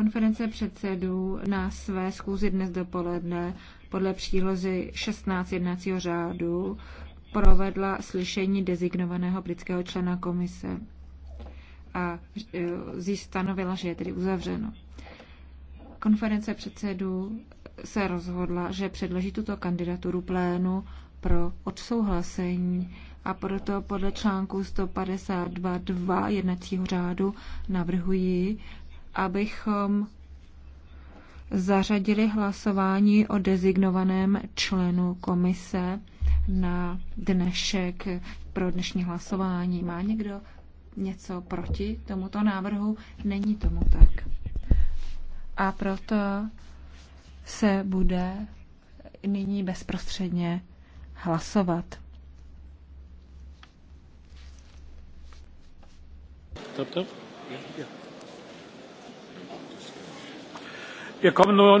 Konference předsedů na své schůzi dnes dopoledne podle přílozy 16 jednacího řádu provedla slyšení dezignovaného britského člena komise a e, stanovila, že je tedy uzavřeno. Konference předsedů se rozhodla, že předloží tuto kandidaturu plénu pro odsouhlasení a proto podle článku 152.2 jednacího řádu navrhuji, abychom zařadili hlasování o dezignovaném členu komise na dnešek pro dnešní hlasování. Má někdo něco proti tomuto návrhu? Není tomu tak. A proto se bude nyní bezprostředně hlasovat. Toto? Yeah, yeah wir kommen